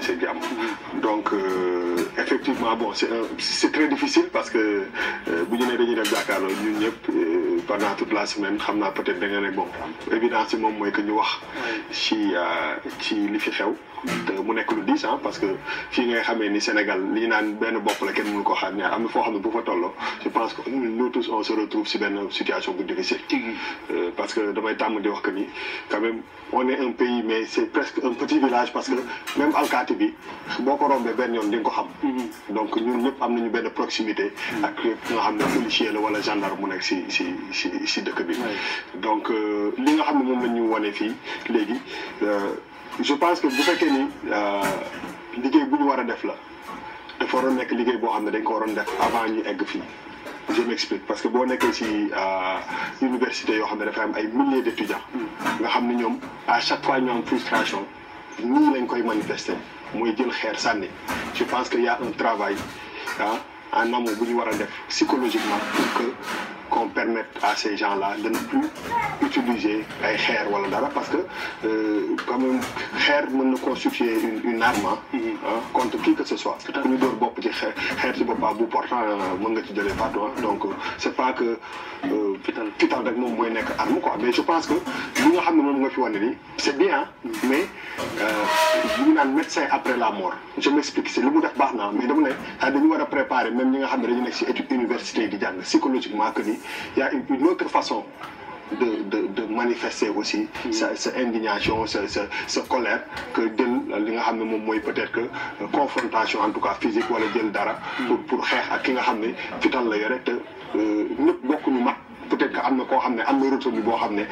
génn jàmm donc euh, effectivement bon c' est un c' est très difficile parce que euh, bu ñu nee dañuy def jàkkaarloo ñun ñëpp euh, pendant toute la semaine xam naa peut-être da nga ne ñu wax ci li fi xew te mu nekk lu diis bopp la kenn mënu ko xaar ñaar am na foo xam ne bu fa tolloo je pense que nous tous on se retrouve si benn situation bu difficile parce que damay tàmm di wax que ni quand même on est un pays mais c' presque un petit village parce que même alkaati pàcc bi boo ko rombee benn yoon di ko xam. Mhm. donc ñun ñëpp am nañu benn proximité. Mhm. ak nga xam ne policier la wala gendarme mu nekk si si si si dëkk bi. donc euh, li nga xam ne moom la ñu wane fii léegi euh, je pense que bu fekkee ni euh, liggéey bu ñu war a def la dafa waroon nekk liggéey boo xam ne dañ ko waroon def avant ñu egg fii. je m'explique parce que boo nekkee ci université yoo xam ne dafa am ay milliers d'étudiants mm. nga xam ne ñoom à chaque fois ñu am frustration. nii lañ koy manifester mooy jël xeer sànni je pense que y a un travail ah en amont bu ñu war a def psychologiquement pour qu'on permette à ces gens la de ne plus utiliser ay xeer wala dara parce que euh, quand même xeer mën na constituer une une arme mhm. contre qui que ce soit ku ñu door bopp ci xeer xeer ci boppam bu portant mën nga ci jëlee partout donc euh, c'est pas que euh, fital fital rek moom mooy nekk arme quoi mais je pense que li nga xam ne moom nga fi wane nii e bien mais euh, ñu ngi naan médecin après la mort je m' explique si li mu def baax na mais dama ne ah dañu war a préparer même ñi nga xam ne dañu nekk si étude université di jàng psychologiquement que ni y' a une autre façon. de de de manifester aussi. Hmm. sa sa indignation sa sa sa colère. que jël li nga xam ne moom mooy peut-être que euh, confrontation en tout cas physique wala jël dara. Hmm. pour pour xeex ak ki nga xam ne fital la rek te euh, ñëpp bokkuñu mag peut-être que am na koo xam ne am na retour boo xam ne.